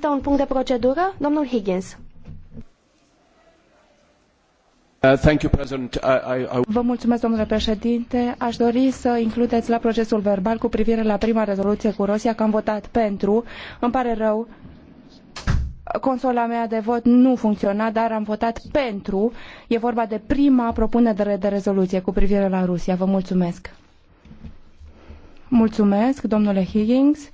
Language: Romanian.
Există un punct de procedură? Domnul Higgins. Uh, Vă mulțumesc, domnule președinte. Aș dori să includeți la procesul verbal cu privire la prima rezoluție cu Rusia că am votat pentru. Îmi pare rău, consola mea de vot nu funcționa, dar am votat pentru. E vorba de prima propunere de rezoluție cu privire la Rusia. Vă mulțumesc. Mulțumesc, domnule Higgins.